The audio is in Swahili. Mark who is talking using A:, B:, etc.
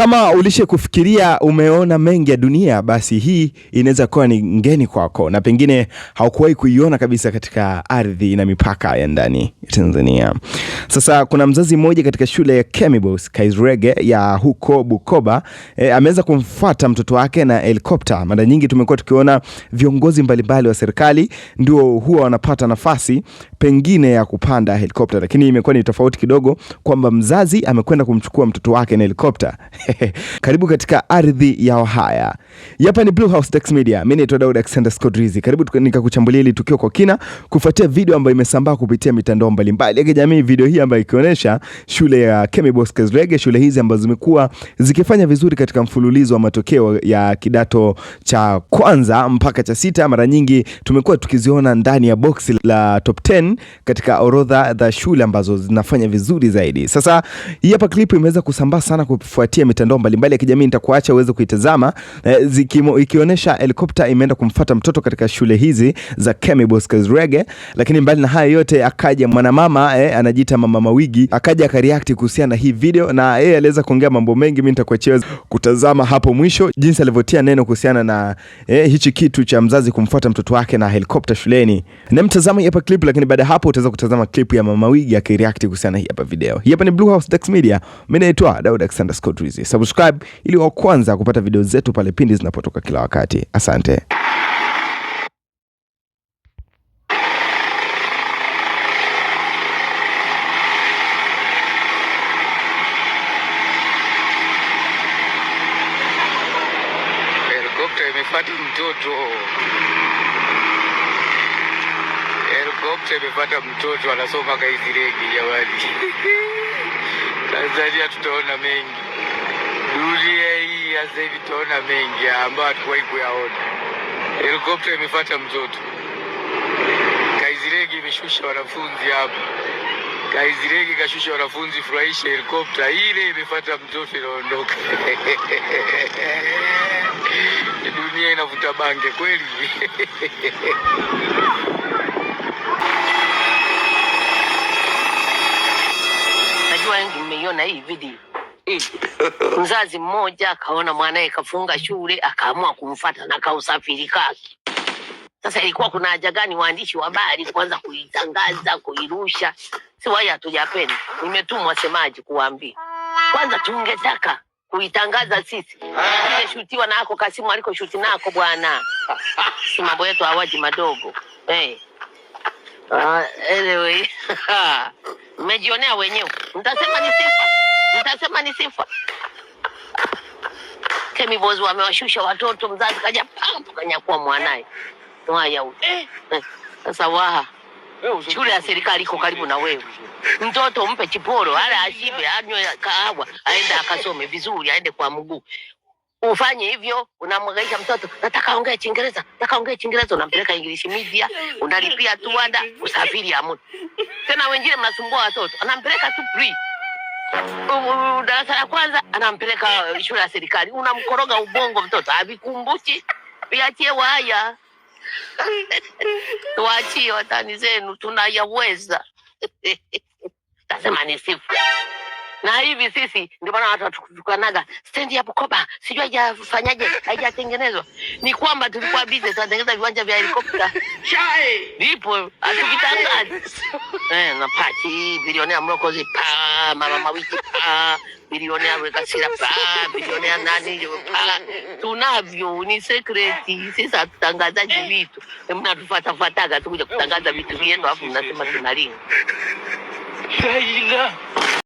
A: Kama ulishe kufikiria umeona mengi ya dunia, basi hii inaweza kuwa ni ngeni kwako na pengine haukuwahi kuiona kabisa katika ardhi na mipaka ya ndani ya Tanzania. Sasa kuna mzazi mmoja katika shule ya Kemibos Kaizurege ya huko Bukoba e, ameweza kumfuata mtoto wake na helikopta. Mara nyingi tumekuwa tukiona viongozi mbalimbali wa serikali ndio huwa wanapata nafasi pengine ya kupanda helikopta, lakini imekuwa ni tofauti kidogo kwamba mzazi amekwenda kumchukua mtoto wake na helikopta Karibu katika ardhi ya Wahaya. Hapa ni Blue House Dax Media. Mimi naitwa Daud Alexander Skodrizi. Karibu nikakuchambulia ili tukio kwa kina kufuatia video ambayo imesambaa kupitia mitandao mbalimbali ya kijamii, video hii ambayo ikionyesha shule ya Kemi Bosco Rege, shule hizi ambazo zimekuwa zikifanya vizuri katika mfululizo wa matokeo ya kidato cha kwanza mpaka cha sita. Mara nyingi tumekuwa tukiziona ndani ya box la top 10 katika orodha za shule ambazo zinafanya vizuri zaidi. Sasa hii hapa clip imeweza kusambaa sana kufuatia mitandao mitandao mbalimbali ya kijamii, nitakuacha uweze kuitazama eh, ikionyesha helikopta imeenda kumfuata mtoto katika shule hizi za Kemi Bosco Rege. Lakini mbali na hayo yote, akaja mwanamama eh, anajiita mama Mawigi, akaja akareact kuhusiana na hii video, na yeye eh, aliweza kuongea mambo mengi. Mimi nitakuachia kutazama hapo mwisho jinsi alivyotia neno kuhusiana na eh, hichi kitu cha mzazi kumfuata mtoto wake na helikopta shuleni. Na mtazamo hapa clip, lakini baada hapo utaweza kutazama clip ya mama Mawigi akireact kuhusiana na hii hapa video. Hii hapa ni Blue House Dax Media. Mimi naitwa Daud Alexander Scott Rizzi. News. Subscribe ili wa kwanza kupata video zetu pale pindi zinapotoka kila wakati. Asante. Helikopta mtoto. Helikopta mtoto anasoma kaiziregi, jamani. Tanzania tutaona mengi. Dunia
B: hii ya sasa hivi tunaona mengi ambayo hatukuwahi kuyaona. Helikopta imefuata mtoto, kaizirege imeshusha wanafunzi hapa, kaizirege kashusha wanafunzi, furahisha. Helikopta ile imefuata mtoto, inaondoka. Dunia inavuta bange kweli. Najua wengi hii video. Mzazi mmoja akaona mwanaye kafunga shule, akaamua kumfata na kausafiri kake. Sasa ilikuwa kuna haja gani waandishi wa habari kuanza kuitangaza kuirusha? Si wai hatujapenda, nimetumwa semaji kuwaambia kwanza, tungetaka kuitangaza sisi tumeshutiwa nako Kasimu aliko shuti nako bwana, si mambo yetu awaji madogo hey. Uh, ah, anyway mmejionea wenyewe, mtasema ni sifa mtasema ni sifa. Kemi Bozo wamewashusha watoto, mzazi kaja pampu kanyakua mwanaye waya eh. Sasa waha shule ya serikali iko karibu na wewe, mtoto mpe chiporo, ala ashibe, anywe kahawa, aende akasome vizuri, aende kwa mguu. Ufanye hivyo, unamwagaisha mtoto, nataka ongee Kiingereza, nataka ongee Kiingereza, unampeleka English media, unalipia tu ada, usafiri hamuna. Tena wengine mnasumbua watoto, anampeleka tu free darasa la kwanza anampeleka eh, shule ya serikali, unamkoroga ubongo mtoto, avikumbuki, Viachie waya, tuachie watani zenu, tunayaweza. Nasema ni sifa na hivi sisi ndio maana watu watukanaga stendi ya Bukoba sijui haijafanyaje haijatengenezwa, ni kwamba tulikuwa busy tunatengeneza viwanja vya helikopta chai vipo hatukitangazi eh, na pati bilionea mrokozi pa mama mawiki pa bilionea Wekasira pa bilionea nani pa, tunavyo ni sekreti. Sisi hatutangazaji eh. vitu, mnatufatafataga tukuja kutangaza vitu vyenu, afu mnasema tunalinga